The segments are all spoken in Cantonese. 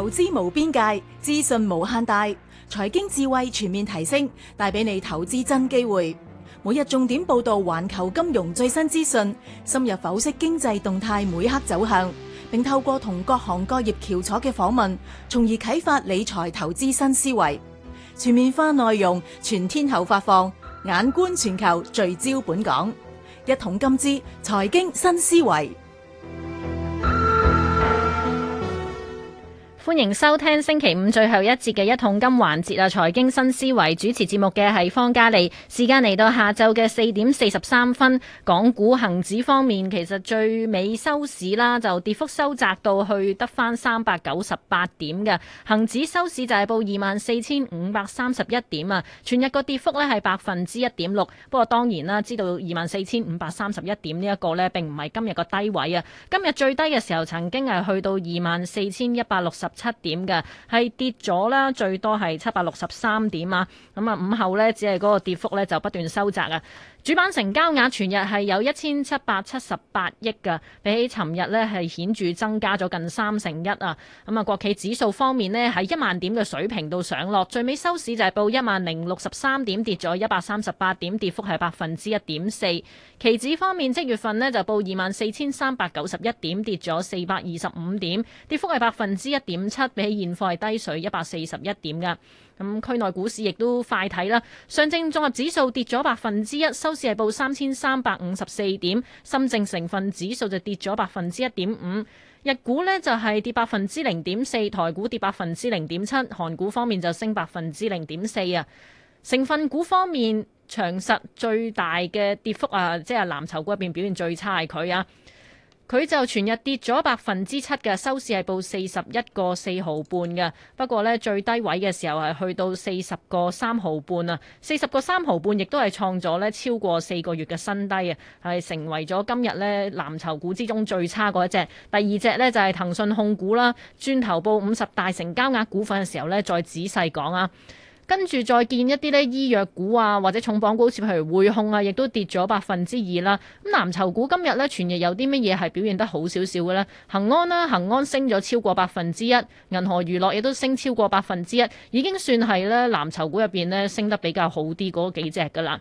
投資無邊界，資訊無限大，財經智慧全面提升，帶俾你投資真機會。每日重點報道環球金融最新資訊，深入剖析經濟動態每刻走向，並透過同各行各業翹楚嘅訪問，從而啟發理財投資新思維。全面化內容，全天候發放，眼觀全球，聚焦本港，一桶金資，財經新思維。歡迎收聽星期五最後一節嘅一桶金環節啊！財經新思維主持節目嘅係方嘉莉。時間嚟到下晝嘅四點四十三分，港股恒指方面其實最尾收市啦，就跌幅收窄到去得翻三百九十八點嘅，恒指收市就係報二萬四千五百三十一點啊！全日個跌幅呢係百分之一點六，不過當然啦，知道二萬四千五百三十一點呢一個呢並唔係今日個低位啊！今日最低嘅時候曾經係去到二萬四千一百六十。七點嘅係跌咗啦，最多係七百六十三點啊！咁啊，午後咧只係嗰個跌幅咧就不斷收窄啊。主板成交額全日係有一千七百七十八億㗎，比起尋日呢係顯著增加咗近三成一啊！咁啊，國企指數方面呢，喺一萬點嘅水平度上落，最尾收市就係報一萬零六十三點，跌咗一百三十八點，跌幅係百分之一點四。期指方面，即月份呢就報二萬四千三百九十一點，跌咗四百二十五點，跌幅係百分之一點七，比起現貨係低水一百四十一點㗎。咁區內股市亦都快睇啦，上證綜合指數跌咗百分之一，收市係報三千三百五十四點；深證成分指數就跌咗百分之一點五，日股呢就係跌百分之零點四，台股跌百分之零點七，韓股方面就升百分之零點四啊。成分股方面，長實最大嘅跌幅啊，即係藍籌股入邊表現最差係佢啊。佢就全日跌咗百分之七嘅，收市係報四十一個四毫半嘅。不過呢最低位嘅時候係去到四十個三毫半啊，四十個三毫半亦都係創咗呢超過四個月嘅新低啊，係成為咗今日呢藍籌股之中最差嗰一隻。第二隻呢，就係騰訊控股啦，轉頭報五十大成交額股份嘅時候呢，再仔細講啊。跟住再見一啲咧醫藥股啊，或者重磅股，好似譬如匯控啊，亦都跌咗百分之二啦。咁藍籌股今日咧全日有啲乜嘢係表現得好少少嘅咧？恒安啦、啊，恒安升咗超過百分之一，銀河娛樂亦都升超過百分之一，已經算係咧藍籌股入面咧升得比較好啲嗰幾隻噶啦。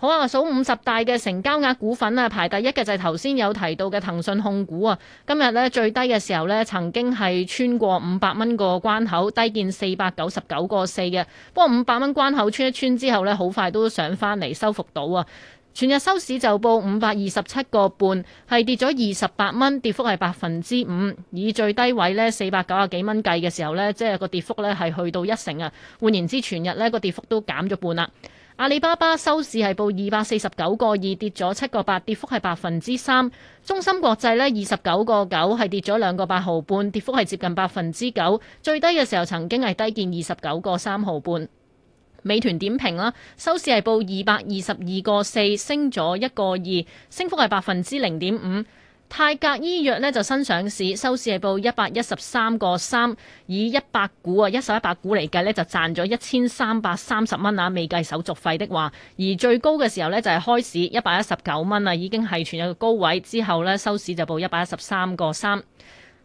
好啊，數五十大嘅成交額股份啊，排第一嘅就係頭先有提到嘅騰訊控股啊。今日呢，最低嘅時候呢，曾經係穿過五百蚊個關口，低見四百九十九個四嘅。不過五百蚊關口穿一穿之後呢，好快都上翻嚟收復到啊。全日收市就報五百二十七個半，係跌咗二十八蚊，跌幅係百分之五。以最低位呢，四百九十幾蚊計嘅時候呢，即係個跌幅呢係去到一成啊。換言之，全日呢個跌幅都減咗半啦。阿里巴巴收市係報二百四十九個二，跌咗七個八，跌幅係百分之三。中芯國際呢，二十九個九係跌咗兩個八毫半，跌幅係接近百分之九。最低嘅時候曾經係低見二十九個三毫半。美團點評啦，收市係報二百二十二個四，升咗一個二，升幅係百分之零點五。泰格醫藥咧就新上市，收市係報一百一十三個三，以一百股啊，一手一百股嚟計咧就賺咗一千三百三十蚊啊，未計手續費的話，而最高嘅時候咧就係開市一百一十九蚊啊，已經係全日嘅高位，之後咧收市就報一百一十三個三。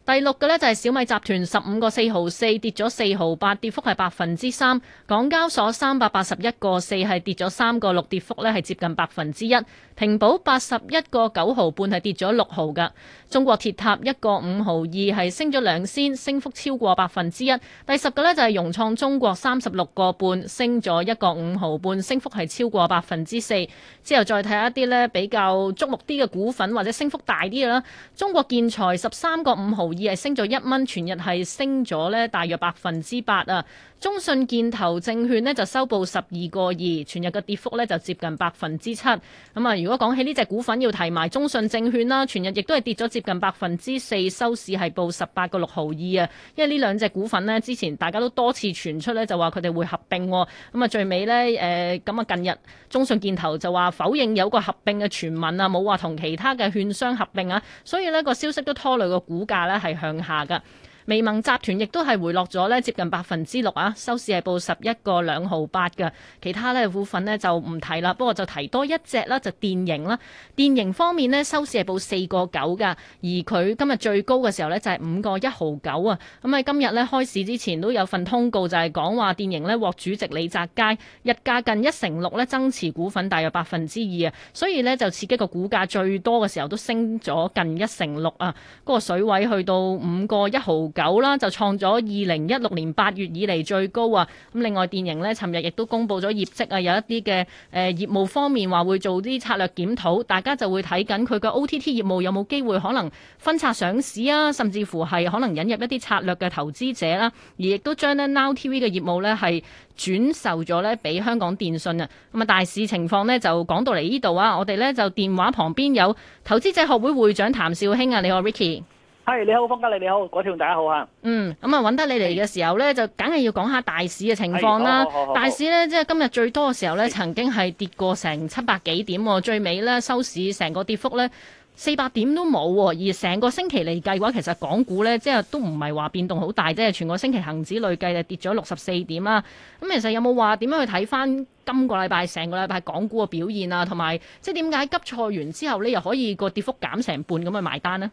第六個呢，就係小米集團十五個四毫四跌咗四毫八，跌幅係百分之三。港交所三百八十一個四係跌咗三個六，跌幅呢係接近百分之一。平保八十一個九毫半係跌咗六毫嘅。中國鐵塔一個五毫二係升咗兩仙，升幅超過百分之一。第十個呢，就係融創中國三十六個半升咗一個五毫半，升幅係超過百分之四。之後再睇一啲呢，比較觸目啲嘅股份或者升幅大啲嘅啦。中國建材十三個五毫二係升咗一蚊，全日係升咗呢大約百分之八啊！中信建投證券呢就收報十二個二，全日嘅跌幅呢就接近百分之七。咁啊，如果講起呢隻股份，要提埋中信證券啦，全日亦都係跌咗接近百分之四，收市係報十八個六毫二啊！因為呢兩隻股份呢，之前大家都多次傳出呢就話佢哋會合併。咁啊，最尾呢，誒咁啊，近日中信建投就話否認有個合併嘅傳聞啊，冇話同其他嘅券商合併啊。所以呢個消息都拖累個股價呢。係向下噶。微盟集團亦都係回落咗呢接近百分之六啊，收市係報十一個兩毫八嘅。其他呢股份呢就唔提啦，不過就提多一隻啦，就電盈啦。電盈方面呢，收市係報四個九㗎。而佢今日最高嘅時候呢，就係五個一毫九啊。咁喺今日呢，開市之前都有份通告，就係講話電盈呢獲主席李澤楷日價近一成六呢增持股份，大約百分之二啊。所以呢，就刺激個股價最多嘅時候都升咗近一成六啊，嗰、嗰個水位去到五個一毫九啦，就創咗二零一六年八月以嚟最高啊！咁另外，電盈呢尋日亦都公布咗業績啊，有一啲嘅誒業務方面話會做啲策略檢討，大家就會睇緊佢嘅 OTT 業務有冇機會可能分拆上市啊，甚至乎係可能引入一啲策略嘅投資者啦、啊，而亦都將呢 Now TV 嘅業務呢係轉售咗呢俾香港電訊啊！咁啊，大市情況呢就講到嚟呢度啊，我哋呢就電話旁邊有投資者學會會長譚紹興啊，你好 Ricky。係、hey, 你好，方家利你好，果條大家好啊！嗯，咁啊，揾得你嚟嘅時候咧，就梗係要講下大市嘅情況啦。大市咧，即係今日最多嘅時候咧，曾經係跌過成七百幾點，哦，最尾咧收市成個跌幅咧四百點都冇，哦。而成個星期嚟計嘅話，其實港股咧，即係都唔係話變動好大，即係全個星期恒指累計係跌咗六十四點啦。咁其實有冇話點樣去睇翻今個禮拜成個禮拜港股嘅表現啊？同埋，即係點解急挫完之後咧，又可以個跌幅減成半咁去埋單呢？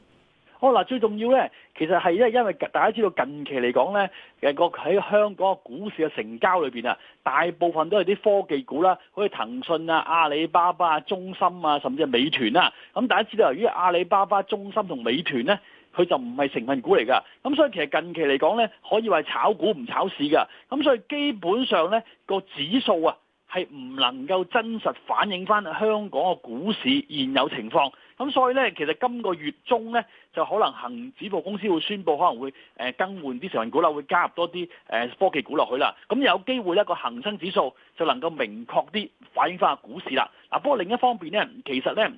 好、哦、啦，最重要咧，其實係因為因為大家知道近期嚟講咧，誒個喺香港嘅股市嘅成交裏面啊，大部分都係啲科技股啦，好似騰訊啊、阿里巴巴啊、中芯啊，甚至係美團啊。咁大家知道由於阿里巴巴、中芯同美團咧，佢就唔係成分股嚟㗎，咁所以其實近期嚟講咧，可以話炒股唔炒市㗎，咁所以基本上咧，個指數啊。係唔能夠真實反映翻香港嘅股市現有情況，咁，所以呢，其實今個月中呢，就可能恒指報公司會宣布可能會更換啲成分股啦，會加入多啲誒、呃、科技股落去啦。咁有機會呢個恒生指數就能夠明確啲反映翻下股市啦。嗱、啊，不過另一方面呢，其實呢，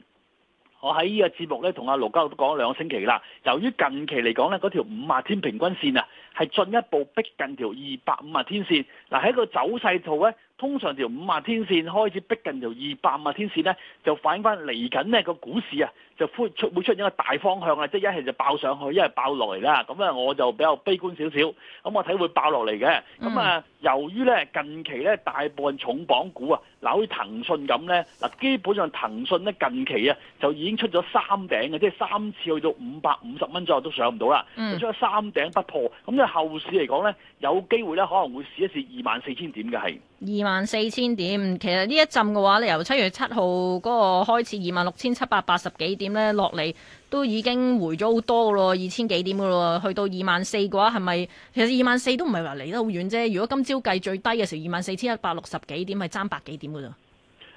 我喺呢個節目呢，同阿、啊、盧家都講咗兩個星期啦。由於近期嚟講呢，嗰條五十天平均線啊，係進一步逼近條二百五十天線嗱，喺、啊、個走勢圖呢。通常條五十天線開始逼近，條二百天線呢，就反映翻嚟緊呢個股市啊，就會出會出現一個大方向啊，即係一係就爆上去，一係爆落嚟啦。咁啊，我就比較悲觀少少，咁我睇會爆落嚟嘅。咁啊，由於呢近期呢大部分重磅股啊，嗱好似騰訊咁呢，嗱基本上騰訊呢近期啊就已經出咗三頂嘅，即係三次去到五百五十蚊左右都上唔到啦，出咗三頂不破咁呢，後市嚟講呢，有機會呢可能會試一試二萬四千點嘅係。二萬四千點，其實呢一陣嘅話你由七月七號嗰個開始，二萬六千七百八十幾點咧落嚟，都已經回咗好多嘅咯，二千幾點嘅咯，去到二萬四嘅話係咪，係咪其實二萬四都唔係話嚟得好遠啫？如果今朝計最低嘅時候，二萬四千一百六十幾點，係爭百幾點嘅咋。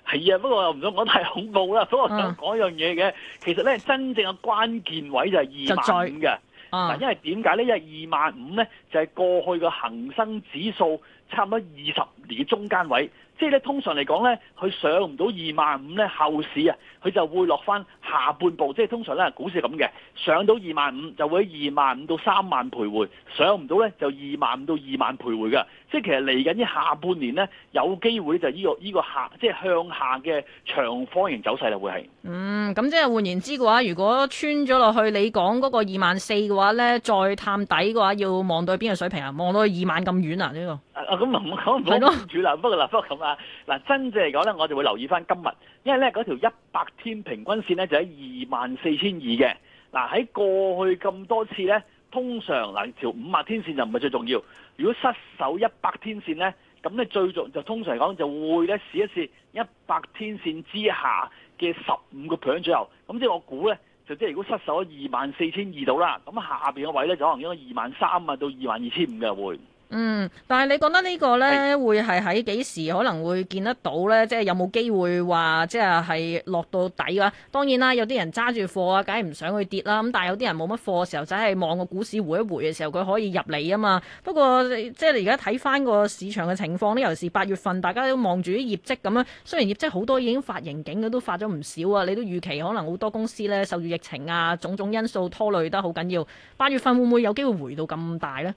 係啊，不過又唔想講太恐怖啦。所以我想講一樣嘢嘅，其實咧真正嘅關鍵位就係二萬五嘅。但、嗯、因為點解呢？因為二萬五呢，就係過去個恒生指數差唔多二十年中間位。即係咧，通常嚟講咧，佢上唔到二萬五咧，後市啊，佢就會落翻下半部。即係通常咧，股市咁嘅，上到二萬五就會二萬五到三萬徘徊，上唔到咧就二萬五到二萬徘徊嘅。即係其實嚟緊呢下半年咧，有機會就依個依個下，即係向下嘅長方形走勢啦，會係。嗯，咁即係換言之嘅話，如果穿咗落去，你講嗰個二萬四嘅話咧，再探底嘅話，要望到邊個水平啊？望到二萬咁遠啊？呢個。啊，咁唔講唔講住啦，不過啦，不過咁嗱、啊，真正嚟講咧，我就會留意翻今日，因為咧嗰條一百天平均線咧就喺二萬四千二嘅。嗱、啊，喺過去咁多次咧，通常嗱、啊、條五十天線就唔係最重要。如果失守一百天線咧，咁咧最重就通常嚟講就會咧試一試一百天線之下嘅十五個 percent 左右。咁即我估咧，就即係如果失守咗二萬四千二度啦，咁下面個位咧就可能應該二萬三啊到二萬二千五嘅會。嗯，但係你覺得呢個呢，哎、會係喺幾時可能會見得到呢？即係有冇機會話即係係落到底嘅、啊、話？當然啦，有啲人揸住貨啊，梗係唔想去跌啦。咁但係有啲人冇乜貨嘅時候，就係望個股市回一回嘅時候，佢可以入嚟啊嘛。不過即係你而家睇翻個市場嘅情況咧，尤其是八月份，大家都望住啲業績咁樣。雖然業績好多已經發盈警嘅，都發咗唔少啊。你都預期可能好多公司呢，受住疫情啊，種種因素拖累得好緊要。八月份會唔會有機會回到咁大呢？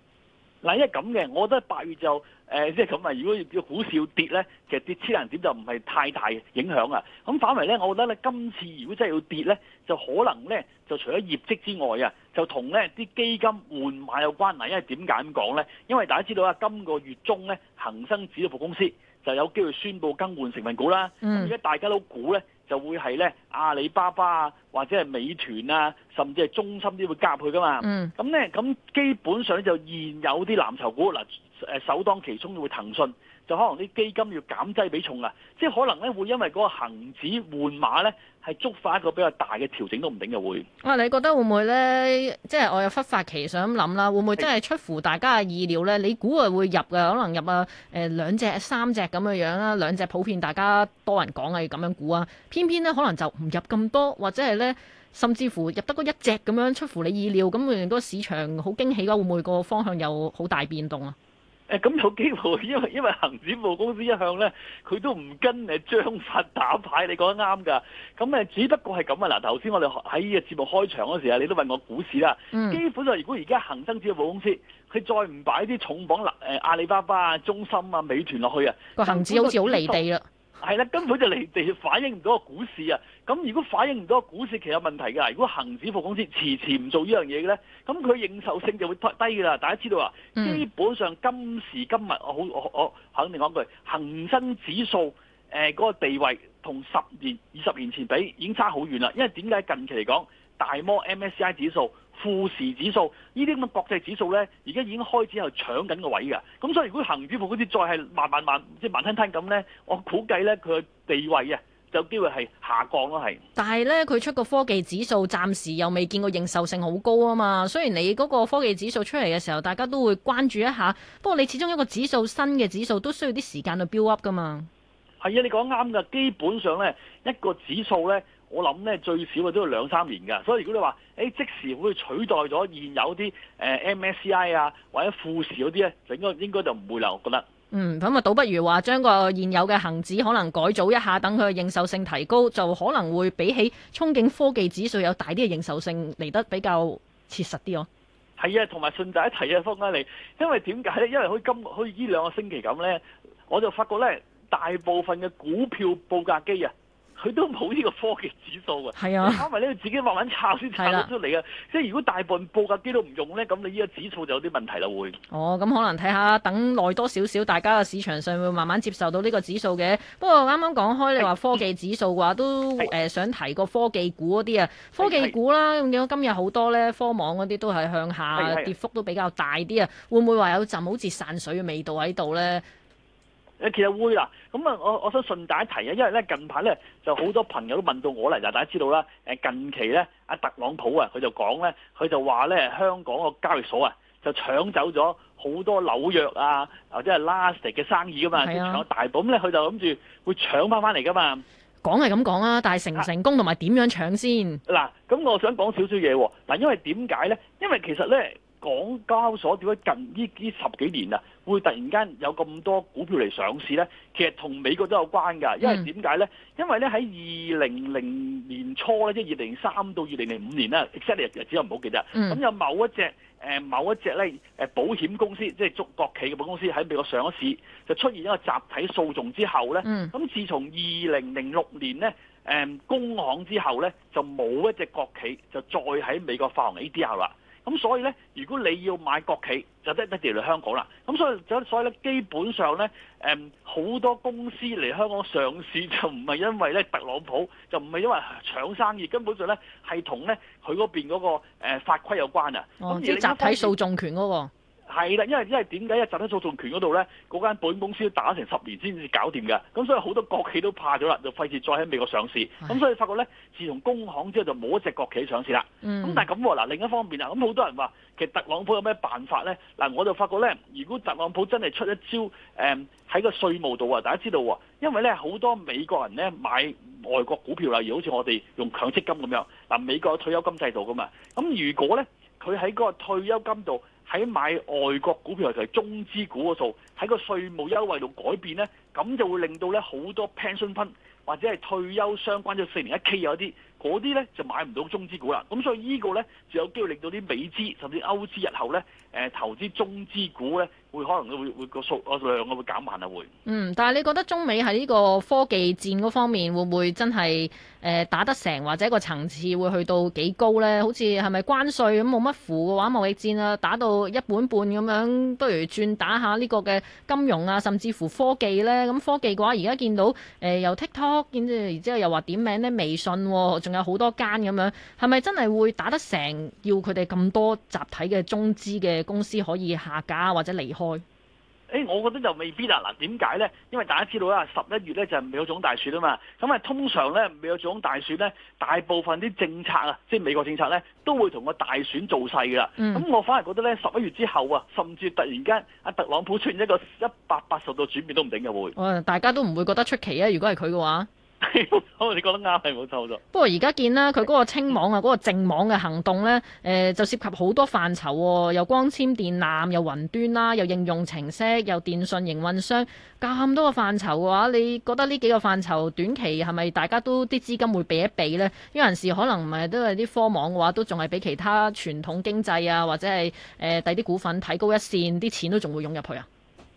嗱、嗯，因為咁嘅，我覺得八月就誒，即係咁啊！如果要股市要跌咧，其實跌千零點就唔係太大影響啊。咁反為咧，我覺得咧今次如果真係要跌咧，就可能咧就除咗業績之外啊，就同咧啲基金換買有關係。因為點解咁講咧？因為大家知道啊，今個月中咧恒生指數公司就有機會宣布更換成分股啦。咁而家大家都估咧。就會係咧阿里巴巴啊，或者係美團啊，甚至係中芯都會夾佢噶嘛。嗯。咁咧咁基本上就現有啲藍籌股啦。誒首當其衝會騰訊就可能啲基金要減低比重啊，即係可能咧會因為嗰個恆指換馬咧係觸發一個比較大嘅調整都唔定嘅會。啊，你覺得會唔會咧？即係我有忽發奇想諗啦，會唔會真係出乎大家嘅意料咧？你估係會入嘅，可能入啊誒、呃、兩隻三隻咁嘅樣啦，兩隻普遍大家多人講係咁樣估啊。偏偏咧可能就唔入咁多，或者係咧甚至乎入得嗰一隻咁樣出乎你意料咁，令到市場好驚喜嘅話，會唔會個方向有好大變動啊？誒咁有機會，因為因為恆指服務公司一向咧，佢都唔跟誒章法打牌，你講得啱㗎。咁誒，只不過係咁啊！嗱，頭先我哋喺呢個節目開場嗰時啊，你都問我股市啦。嗯。基本上，如果而家恒生指數公司佢再唔擺啲重磅，阿里巴巴啊、中芯啊、美團落去啊，個恒指好似好離地啊。係啦，根本就嚟哋反映唔到個股市啊！咁如果反映唔到個股市，其實有問題嘅，如果恒指服務公司遲遲唔做呢樣嘢嘅咧，咁佢認受性就會低嘅啦。大家知道啊，基本上今時今日，我好我我肯定講句，恒生指數誒嗰個地位同十年二十年前比已經差好遠啦。因為點解近期嚟講，大摩 MSCI 指數、富時指數，呢啲咁嘅國際指數呢，而家已經開始係搶緊個位㗎。咁所以如果恆指破好似再係慢慢慢，即慢，慢吞吞咁呢，我估計呢，佢嘅地位啊，就有機會係下降咯。係。但係呢，佢出個科技指數，暫時又未見過認受性好高啊嘛。雖然你嗰個科技指數出嚟嘅時候，大家都會關注一下。不過你始終一個指數新嘅指數都需要啲時間去 build up 㗎嘛。係啊，你講啱㗎。基本上呢，一個指數呢。我諗呢，最少啊都要兩三年噶，所以如果你話誒、欸、即時會取代咗現有啲誒、呃、MSCI 啊或者富時嗰啲咧，應該應該就唔會啦，我覺得。嗯，咁啊倒不如話將個現有嘅恒指可能改組一下，等佢嘅認受性提高，就可能會比起憧憬科技指數有大啲嘅認受性嚟得比較切實啲喎。係啊，同埋順帶一提啊方家你因為點解呢？因為佢今佢呢兩個星期咁呢，我就發覺呢，大部分嘅股票報價機啊。佢都冇呢個科技指數，係啊，因為你要自己慢慢抄先抄得出嚟啊。即係如果大部分報價機都唔用呢，咁你呢個指數就有啲問題啦會。哦，咁可能睇下等耐多少少，大家嘅市場上會慢慢接受到呢個指數嘅。不過啱啱講開，你話科技指數嘅話都誒、呃、想提個科技股嗰啲啊，科技股啦，咁見到今日好多呢科網嗰啲都係向下跌幅都比較大啲啊，會唔會話有浸好似散水嘅味道喺度呢？誒其實會啦，咁啊，我我想順帶一提啊，因為咧近排咧就好多朋友都問到我嚟，嗱大家知道啦，誒近期咧阿特朗普啊，佢就講咧，佢就話咧香港個交易所啊，就搶走咗好多紐約啊或者係拉斯的嘅生意噶嘛，都搶、啊、大盤，咁咧佢就諗住會搶翻翻嚟噶嘛。講係咁講啊，但係成唔成功同埋點樣搶先？嗱、啊，咁我想講少少嘢喎，嗱，因為點解咧？因為其實咧。港交所點解近呢呢十幾年啊，會突然間有咁多股票嚟上市咧？其實同美國都有關㗎，mm. 因為點解咧？因為咧喺二零零年初咧，即係二零零三到二零零五年啦，exact 日子我唔好記得。咁、mm. 有某一隻、呃、某一隻咧保險公司，即係中國企嘅保險公司喺美國上咗市，就出現一個集體訴訟之後咧，咁、mm. 自從二零零六年咧、呃、工行之後咧，就冇一隻國企就再喺美國發行 ADR 啦。咁所以咧，如果你要買國企，就得一定要嚟香港啦。咁所以，所以咧，基本上咧，誒好多公司嚟香港上市就唔係因為咧特朗普，就唔係因為搶生意，根本上咧係同咧佢嗰邊嗰個法規有關啊。我、哦、知、哦、集體訴訟權嗰、那個。係啦，因為因為點解集體訴訟權嗰度咧？嗰間保險公司都打成十年先至搞掂嘅，咁所以好多國企都怕咗啦，就費事再喺美國上市。咁所以發覺咧，自從工行之後就冇一隻國企上市啦。咁、嗯、但係咁嗱，另一方面啊，咁好多人話其實特朗普有咩辦法咧？嗱，我就發覺咧，如果特朗普真係出一招，誒、嗯、喺個稅務度啊，大家知道，因為咧好多美國人咧買外國股票啦，例如好似我哋用強積金咁樣嗱，美國有退休金制度噶嘛。咁如果咧佢喺嗰個退休金度。喺買外國股票，尤其係中資股嘅數，喺個稅務優惠度改變呢，咁就會令到呢好多 pension fund 或者係退休相關嘅四年一 k 有啲，嗰啲呢就買唔到中資股啦。咁所以呢個呢，就有機會令到啲美資甚至歐資日後呢誒投資中資股咧。會可能會會個數、數量啊會減慢啊會。嗯，但係你覺得中美喺呢個科技戰嗰方面會唔會真係誒、呃、打得成或者一個層次會去到幾高呢？好似係咪關稅咁冇乜符嘅話，貿易戰啊，打到一本半咁樣，不如轉打一下呢個嘅金融啊，甚至乎科技呢。咁科技嘅話，而家見到誒由、呃、TikTok，然之後又話點名呢？微信、啊，仲有好多間咁樣，係咪真係會打得成要佢哋咁多集體嘅中資嘅公司可以下架或者離開？開，誒，我覺得就未必啦。嗱，點解呢？因為大家知道啦，十一月呢就係美國總統大選啊嘛。咁啊，通常呢，美國總統大選呢，大部分啲政策啊，即係美國政策呢，都會同個大選做勢噶啦。咁、嗯、我反而覺得呢，十一月之後啊，甚至突然間阿特朗普出現一個一百八十度轉變都唔定嘅會。大家都唔會覺得出奇啊？如果係佢嘅話。你覺得啱，係冇錯咗。不過而家見啦，佢嗰個清網啊，嗰 個淨網嘅行動呢，就涉及好多範疇喎，又光纖電纜，又雲端啦，又應用程式，又電信營運商，咁多個範疇嘅話，你覺得呢幾個範疇短期係咪大家都啲資金會避一避呢？因為人士可能咪都係啲科網嘅話，都仲係比其他傳統經濟啊，或者係誒第啲股份睇高一線，啲錢都仲會湧入去啊？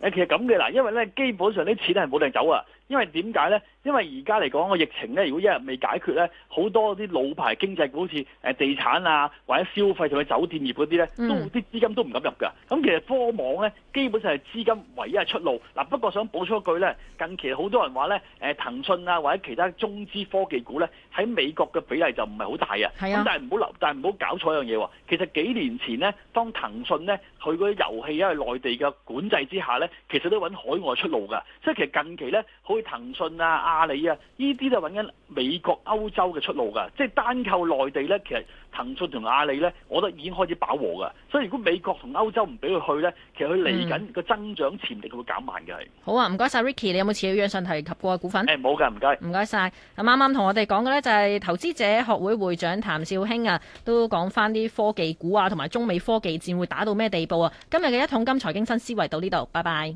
誒，其實咁嘅啦，因為呢基本上啲錢係冇地走啊。因為點解呢？因為而家嚟講個疫情呢，如果一日未解決呢，好多啲老牌經濟股，好似誒地產啊，或者消費同埋酒店業嗰啲呢，都啲資金都唔敢入㗎。咁其實科網呢，基本上係資金唯一嘅出路。嗱，不過想補充一句呢，近期好多人話呢，誒騰訊啊或者其他中資科技股呢，喺美國嘅比例就唔係好大啊。咁但係唔好留，但係唔好搞錯一樣嘢喎。其實幾年前呢，當騰訊呢佢嗰啲遊戲因為內地嘅管制之下呢，其實都揾海外出路㗎。即係其實近期呢。去騰訊啊、阿里啊，呢啲就揾緊美國、歐洲嘅出路噶。即係單靠內地呢，其實騰訊同阿里呢，我都已經開始飽和噶。所以如果美國同歐洲唔俾佢去呢，其實佢嚟緊個增長潛力佢會減慢嘅係，嗯。好啊，唔該晒 Ricky，你有冇持有以上提及過嘅股份？誒，冇噶，唔該。唔該晒。咁啱啱同我哋講嘅呢，就係投資者學會會長譚紹興啊，都講翻啲科技股啊，同埋中美科技戰會打到咩地步啊？今日嘅一桶金財經新思維到呢度，拜拜。